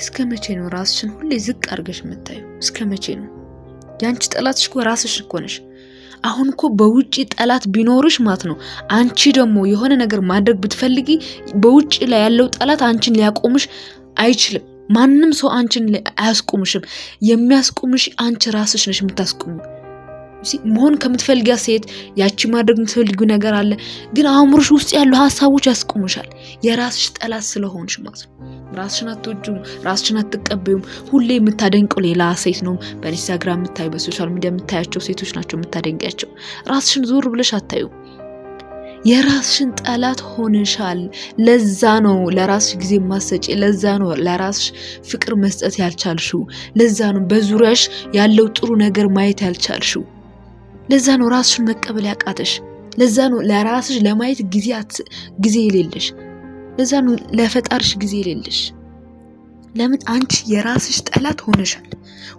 እስከ መቼ ነው ራስሽን ሁሌ ዝቅ አድርገሽ የምታዩ? እስከ መቼ ነው? ያንቺ ጠላትሽ እኮ ራስሽ እኮ ነሽ። አሁን እኮ በውጭ ጠላት ቢኖርሽ ማለት ነው። አንቺ ደግሞ የሆነ ነገር ማድረግ ብትፈልጊ በውጭ ላይ ያለው ጠላት አንቺን ሊያቆምሽ አይችልም። ማንም ሰው አንቺን አያስቆምሽም። የሚያስቆምሽ አንቺ ራስሽ ነሽ የምታስቆሚው። መሆን ከምትፈልጊያ ሴት ያቺ ማድረግ የምትፈልጊ ነገር አለ፣ ግን አእምሮሽ ውስጥ ያሉ ሀሳቦች ያስቆሙሻል። የራስሽ ጠላት ስለሆንሽ ማለት ነው። ራስሽን አትወጂም፣ ራስሽን አትቀበዩም። ሁሌ የምታደንቀው ሌላ ሴት ነው። በኢንስታግራም የምታዩ በሶሻል ሚዲያ የምታያቸው ሴቶች ናቸው የምታደንቂያቸው። ራስሽን ዞር ብለሽ አታዩ። የራስሽን ጠላት ሆነሻል። ለዛ ነው ለራስሽ ጊዜ ማሰጪ፣ ለዛ ነው ለራስሽ ፍቅር መስጠት ያልቻልሽው፣ ለዛ ነው በዙሪያሽ ያለው ጥሩ ነገር ማየት ያልቻልሽው። ለዛ ነው ራስሽን መቀበል ያቃተሽ። ለዛ ነው ለራስሽ ለማየት ጊዜ የሌለሽ። ለዛ ነው ለፈጣርሽ ጊዜ የሌለሽ። ለምን አንቺ የራስሽ ጠላት ሆነሻል።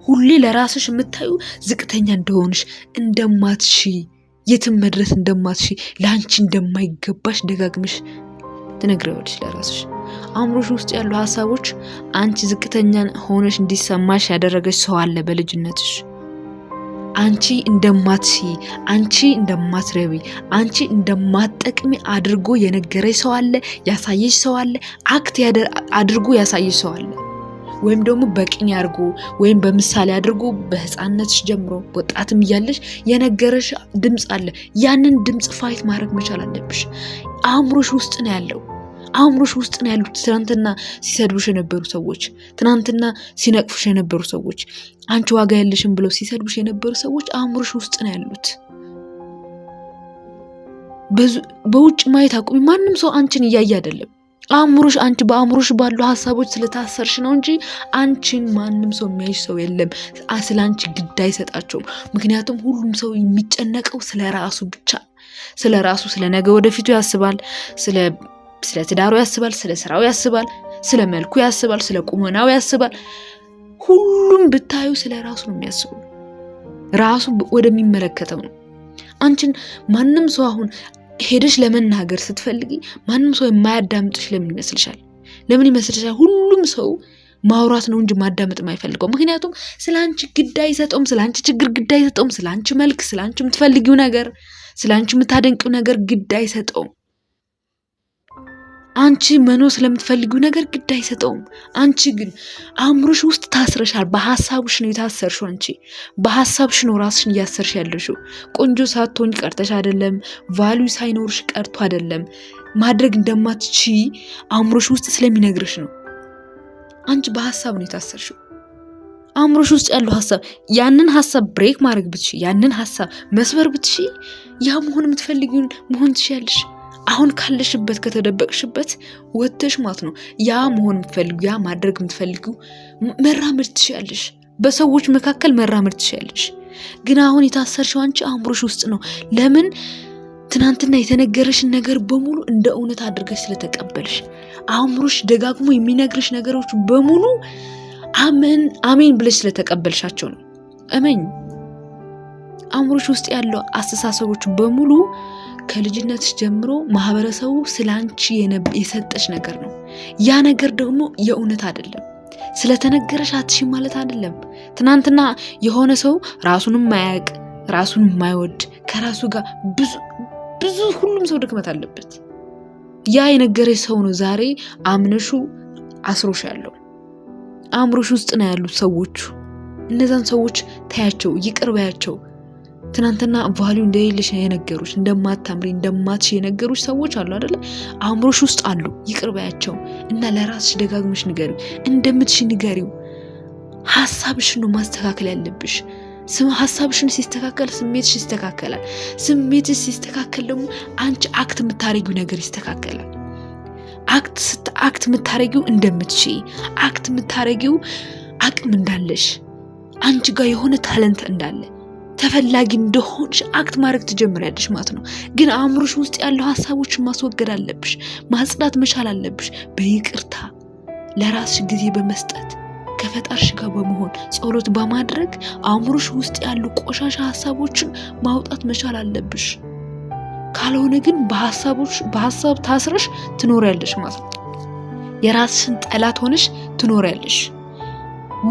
ሁሌ ለራስሽ የምታዩ ዝቅተኛ እንደሆንሽ እንደማትሺ፣ የትም መድረስ እንደማትሺ፣ ለአንቺ እንደማይገባሽ ደጋግመሽ ትነግሪዋለሽ ለራስሽ። አእምሮሽ ውስጥ ያሉ ሀሳቦች አንቺ ዝቅተኛ ሆነሽ እንዲሰማሽ ያደረገች ሰው አለ በልጅነትሽ አንቺ እንደማትሺ፣ አንቺ እንደማትረቢ፣ አንቺ እንደማትጠቅሚ አድርጎ የነገረች ሰው አለ፣ ያሳየች ሰው አለ፣ አክት አድርጎ ያሳየች ሰው አለ። ወይም ደግሞ በቅኔ አድርጎ ወይም በምሳሌ አድርጎ በሕፃንነትሽ ጀምሮ ወጣትም እያለሽ የነገረሽ ድምፅ አለ። ያንን ድምፅ ፋይት ማድረግ መቻል አለብሽ። አእምሮሽ ውስጥ ነው ያለው። አእምሮሽ ውስጥ ነው ያሉት። ትናንትና ሲሰድቡሽ የነበሩ ሰዎች፣ ትናንትና ሲነቅፉሽ የነበሩ ሰዎች፣ አንቺ ዋጋ የለሽም ብለው ሲሰድቡሽ የነበሩ ሰዎች አእምሮሽ ውስጥ ነው ያሉት። በውጭ ማየት አቁሚ። ማንም ሰው አንቺን እያየ አይደለም። አእምሮሽ አንቺ በአእምሮሽ ባሉ ሀሳቦች ስለታሰርሽ ነው እንጂ አንቺን ማንም ሰው የሚያይሽ ሰው የለም። ስለ አንቺ ግድ አይሰጣቸውም። ምክንያቱም ሁሉም ሰው የሚጨነቀው ስለ ራሱ ብቻ፣ ስለ ራሱ ስለ ነገ ወደፊቱ ያስባል ስለ ስለ ትዳሩ ያስባል፣ ስለ ስራው ያስባል፣ ስለ መልኩ ያስባል፣ ስለ ቁመናው ያስባል። ሁሉም ብታዩ ስለ ራሱ ነው የሚያስበው። ራሱ ወደሚመለከተው ነው። አንቺን ማንም ሰው አሁን ሄደሽ ለመናገር ስትፈልጊ ማንም ሰው የማያዳምጥሽ ለምን ይመስልሻል? ለምን ይመስልሻል? ሁሉም ሰው ማውራት ነው እንጂ ማዳመጥ የማይፈልገው። ምክንያቱም ስለ አንቺ ግድ አይሰጠውም፣ ስለ አንቺ ችግር ግድ አይሰጠውም፣ ስለ አንቺ መልክ፣ ስለ አንቺ የምትፈልጊው ነገር፣ ስለ አንቺ የምታደንቂው ነገር ግድ አይሰጠውም። አንቺ መኖር ስለምትፈልጊው ነገር ግድ አይሰጠውም። አንቺ ግን አእምሮሽ ውስጥ ታስረሻል። በሀሳብሽ ነው የታሰርሽው። አንቺ በሀሳብሽ ነው ራስሽን እያሰርሽ ያለሽው። ቆንጆ ሳትሆኝ ቀርተሽ አይደለም፣ ቫሊዩ ሳይኖርሽ ቀርቶ አይደለም። ማድረግ እንደማትቺ አእምሮሽ ውስጥ ስለሚነግርሽ ነው። አንቺ በሀሳብ ነው የታሰርሽው። አእምሮሽ ውስጥ ያለው ሀሳብ ያንን ሀሳብ ብሬክ ማድረግ ብትሽ፣ ያንን ሀሳብ መስበር ብትሽ፣ ያ መሆን የምትፈልጊውን መሆን ያለሽ። አሁን ካለሽበት ከተደበቅሽበት ወጥተሽ ማለት ነው ያ መሆን የምትፈልጉ ያ ማድረግ የምትፈልጉ መራመድ ትችያለሽ። በሰዎች መካከል መራመድ ትችያለሽ። ግን አሁን የታሰርሽው አንቺ አእምሮሽ ውስጥ ነው። ለምን? ትናንትና የተነገረሽን ነገር በሙሉ እንደ እውነት አድርገሽ ስለተቀበልሽ አእምሮሽ ደጋግሞ የሚነግርሽ ነገሮች በሙሉ አመን አሜን ብለሽ ስለተቀበልሻቸው ነው። እመኝ አእምሮሽ ውስጥ ያለው አስተሳሰቦች በሙሉ ከልጅነትሽ ጀምሮ ማህበረሰቡ ስለ አንቺ የሰጠሽ ነገር ነው። ያ ነገር ደግሞ የእውነት አይደለም። ስለተነገረሽ አትሽ ማለት አይደለም። ትናንትና የሆነ ሰው ራሱንም ማያቅ ራሱን ማይወድ ከራሱ ጋር ብዙ ብዙ ሁሉም ሰው ድክመት አለበት። ያ የነገረሽ ሰው ነው ዛሬ አምነሹ አስሮሽ ያለው አእምሮሽ ውስጥ ነው ያሉት ሰዎቹ። እነዛን ሰዎች ታያቸው፣ ይቅርባያቸው። ትናንትና ቫሊዩ እንደሌለሽ የነገሩሽ እንደማታምሪ እንደማትሽ የነገሩሽ ሰዎች አሉ አደለ? አእምሮሽ ውስጥ አሉ። ይቅር በያቸው እና ለራስሽ ደጋግመሽ ንገሪው፣ እንደምትሽ ንገሪው። ሀሳብሽን ነው ማስተካከል ያለብሽ። ሀሳብሽን ሲስተካከል ስሜትሽ ይስተካከላል። ስሜትሽ ሲስተካከል ደግሞ አንቺ አክት የምታረጊው ነገር ይስተካከላል። አክት አክት የምታረጊው እንደምትሽ አክት የምታረጊው አቅም እንዳለሽ አንቺ ጋር የሆነ ታለንት እንዳለ ተፈላጊ እንደሆንሽ አክት ማድረግ ትጀምሪያለሽ ማለት ነው። ግን አእምሮሽ ውስጥ ያለው ሀሳቦችን ማስወገድ አለብሽ፣ ማጽዳት መቻል አለብሽ። በይቅርታ ለራስሽ ጊዜ በመስጠት ከፈጣርሽ ጋር በመሆን ጸሎት በማድረግ አእምሮሽ ውስጥ ያሉ ቆሻሻ ሀሳቦችን ማውጣት መቻል አለብሽ። ካልሆነ ግን በሀሳብ ታስረሽ ትኖሪያለሽ ማለት ነው። የራስሽን ጠላት ሆነሽ ትኖሪያለሽ።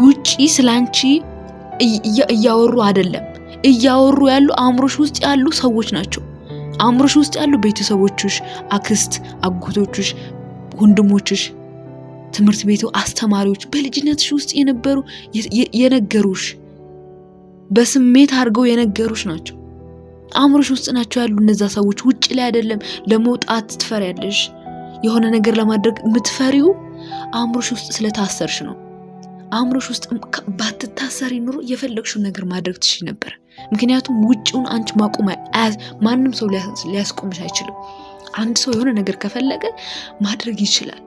ውጪ ስላንቺ እያወሩ አይደለም እያወሩ ያሉ አእምሮሽ ውስጥ ያሉ ሰዎች ናቸው። አእምሮሽ ውስጥ ያሉ ቤተሰቦችሽ፣ አክስት፣ አጎቶችሽ፣ ወንድሞችሽ፣ ትምህርት ቤቱ፣ አስተማሪዎች፣ በልጅነትሽ ውስጥ የነበሩ የነገሩሽ በስሜት አድርገው የነገሩሽ ናቸው። አእምሮሽ ውስጥ ናቸው ያሉ እነዛ ሰዎች። ውጭ ላይ አይደለም። ለመውጣት ትፈሪያለሽ። የሆነ ነገር ለማድረግ የምትፈሪው አእምሮሽ ውስጥ ስለታሰርሽ ነው። አእምሮሽ ውስጥ ባትታሰሪ ኑሮ የፈለግሽውን ነገር ማድረግ ትችይ ነበር። ምክንያቱም ውጭውን አንቺ ማቆም ማንም ሰው ሊያስቆምሽ አይችልም። አንድ ሰው የሆነ ነገር ከፈለገ ማድረግ ይችላል።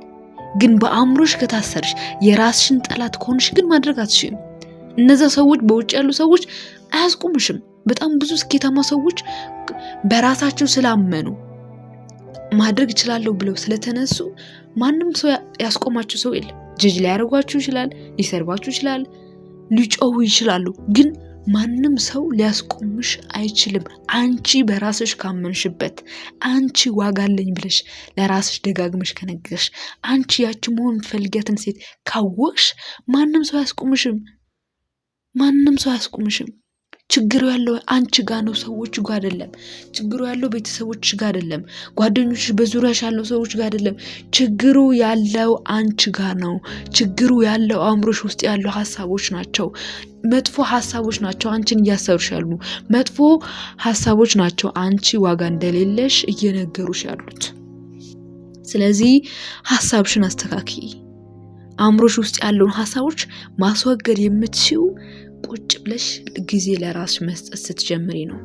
ግን በአእምሮሽ ከታሰርሽ፣ የራስሽን ጠላት ከሆንሽ ግን ማድረግ አትችይም። እነዛ ሰዎች በውጭ ያሉ ሰዎች አያስቆምሽም። በጣም ብዙ ስኬታማ ሰዎች በራሳቸው ስላመኑ ማድረግ እችላለሁ ብለው ስለተነሱ ማንም ሰው ያስቆማቸው ሰው የለም። ጅጅ ሊያደርጓችሁ ይችላል፣ ሊሰርባችሁ ይችላል፣ ሊጮሁ ይችላሉ ግን ማንም ሰው ሊያስቆምሽ አይችልም። አንቺ በራስሽ ካመንሽበት፣ አንቺ ዋጋለኝ ብለሽ ለራስሽ ደጋግመሽ ከነገርሽ፣ አንቺ ያቺ መሆን ፈልጊያትን ሴት ካወቅሽ ማንም ሰው አያስቆምሽም። ማንም ሰው አያስቆምሽም። ችግሩ ያለው አንቺ ጋ ነው፣ ሰዎች ጋ አይደለም። ችግሩ ያለው ቤተሰቦች ጋ አይደለም፣ ጓደኞች በዙሪያ ያለው ሰዎች ጋ አይደለም። ችግሩ ያለው አንቺ ጋ ነው። ችግሩ ያለው አእምሮሽ ውስጥ ያለው ሀሳቦች ናቸው። መጥፎ ሀሳቦች ናቸው አንቺን እያሰሩሽ ያሉ። መጥፎ ሀሳቦች ናቸው አንቺ ዋጋ እንደሌለሽ እየነገሩሽ ያሉት። ስለዚህ ሀሳብሽን አስተካክይ። አእምሮሽ ውስጥ ያለውን ሀሳቦች ማስወገድ የምትችው ቁጭ ብለሽ ጊዜ ለራስሽ መስጠት ስትጀምሪ ነው።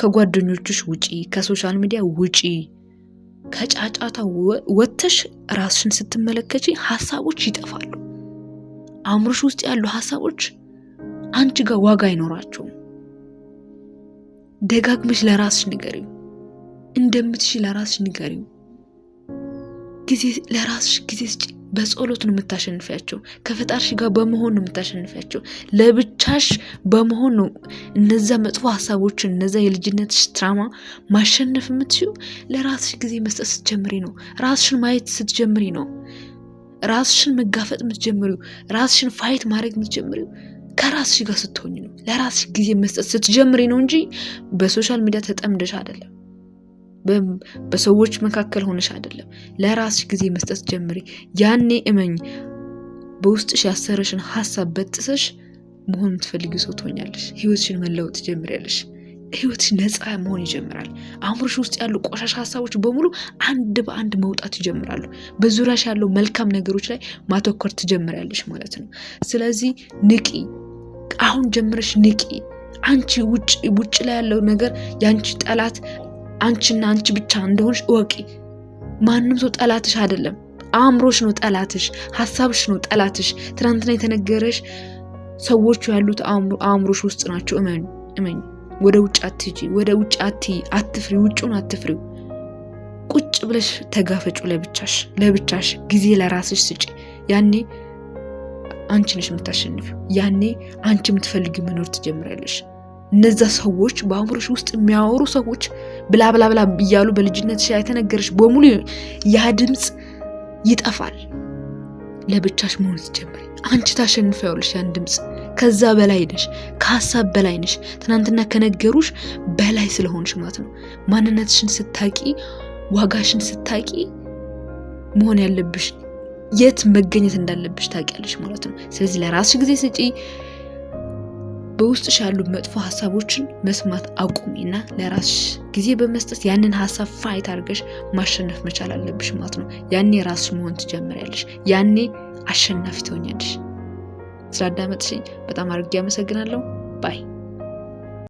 ከጓደኞችሽ ውጪ፣ ከሶሻል ሚዲያ ውጪ፣ ከጫጫታ ወጥተሽ ራስሽን ስትመለከች ሀሳቦች ይጠፋሉ። አእምሮሽ ውስጥ ያሉ ሀሳቦች አንቺ ጋር ዋጋ አይኖራቸውም። ደጋግመሽ ለራስሽ ንገሪው፣ እንደምትሽ ለራስሽ ንገሪው። ጊዜ ለራስሽ ጊዜ ስጪ። በጸሎት ነው የምታሸንፊያቸው። ከፈጣሪሽ ጋር በመሆን ነው የምታሸንፊያቸው። ለብቻሽ በመሆን ነው እነዛ መጥፎ ሀሳቦችን እነዛ የልጅነትሽ ትራማ ማሸነፍ የምትችው። ለራስሽ ጊዜ መስጠት ስትጀምሪ ነው። ራስሽን ማየት ስትጀምሪ ነው። ራስሽን መጋፈጥ የምትጀምሪው፣ ራስሽን ፋይት ማድረግ የምትጀምሪው ከራስሽ ጋር ስትሆኝ ነው። ለራስሽ ጊዜ መስጠት ስትጀምሪ ነው እንጂ በሶሻል ሚዲያ ተጠምደሽ አይደለም። በሰዎች መካከል ሆነሽ አይደለም፣ ለራስሽ ጊዜ መስጠት ጀምሪ። ያኔ እመኝ በውስጥሽ ያሰረሽን ሀሳብ በጥሰሽ መሆን የምትፈልጊ ሰው ትሆኛለሽ። ህይወትሽን መለወጥ ትጀምሪያለሽ። ህይወትሽ ነፃ መሆን ይጀምራል። አእምሮሽ ውስጥ ያሉ ቆሻሻ ሀሳቦች በሙሉ አንድ በአንድ መውጣት ይጀምራሉ። በዙሪያሽ ያለው መልካም ነገሮች ላይ ማተኮር ትጀምሪያለሽ ማለት ነው። ስለዚህ ንቂ፣ አሁን ጀምረሽ ንቂ። አንቺ ውጭ ላይ ያለው ነገር የአንቺ ጠላት አንቺና አንቺ ብቻ እንደሆንሽ እወቂ። ማንም ሰው ጠላትሽ አይደለም። አእምሮሽ ነው ጠላትሽ፣ ሀሳብሽ ነው ጠላትሽ። ትናንትና የተነገረሽ ሰዎቹ ያሉት አእምሮሽ ውስጥ ናቸው። እመኝ እመኝ። ወደ ውጭ አትጂ፣ ወደ ውጭ አትይ፣ አትፍሪ፣ ውጭውን አትፍሪው። ቁጭ ብለሽ ተጋፈጩ። ለብቻሽ ለብቻሽ ጊዜ ለራስሽ ስጪ። ያኔ አንቺ ነሽ የምታሸንፊው። ያኔ አንቺ የምትፈልጊ መኖር ትጀምሪያለሽ። እነዛ ሰዎች በአእምሮሽ ውስጥ የሚያወሩ ሰዎች ብላ ብላ ብላ እያሉ በልጅነት የተነገረሽ በሙሉ ያ ድምፅ ይጠፋል። ለብቻሽ መሆን ትጀምሪ። አንቺ ታሸንፈውልሽ ያን ድምፅ። ከዛ በላይ ነሽ፣ ከሀሳብ በላይ ነሽ። ትናንትና ከነገሩሽ በላይ ስለሆንሽ ማለት ነው። ማንነትሽን ስታቂ፣ ዋጋሽን ስታቂ፣ መሆን ያለብሽ የት መገኘት እንዳለብሽ ታውቂያለሽ ማለት ነው። ስለዚህ ለራስሽ ጊዜ ስጪ። በውስጥሽ ያሉ መጥፎ ሀሳቦችን መስማት አቁሚና ለራስሽ ጊዜ በመስጠት ያንን ሀሳብ ፋይት አድርገሽ ማሸነፍ መቻል አለብሽ ማለት ነው። ያኔ ራስሽ መሆን ትጀምሪያለሽ። ያኔ አሸናፊ ትሆኛለሽ። ስላዳመጥሽኝ በጣም አድርጌ አመሰግናለሁ። ባይ